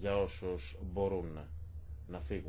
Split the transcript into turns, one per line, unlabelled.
για όσους μπορούν να φύγουν.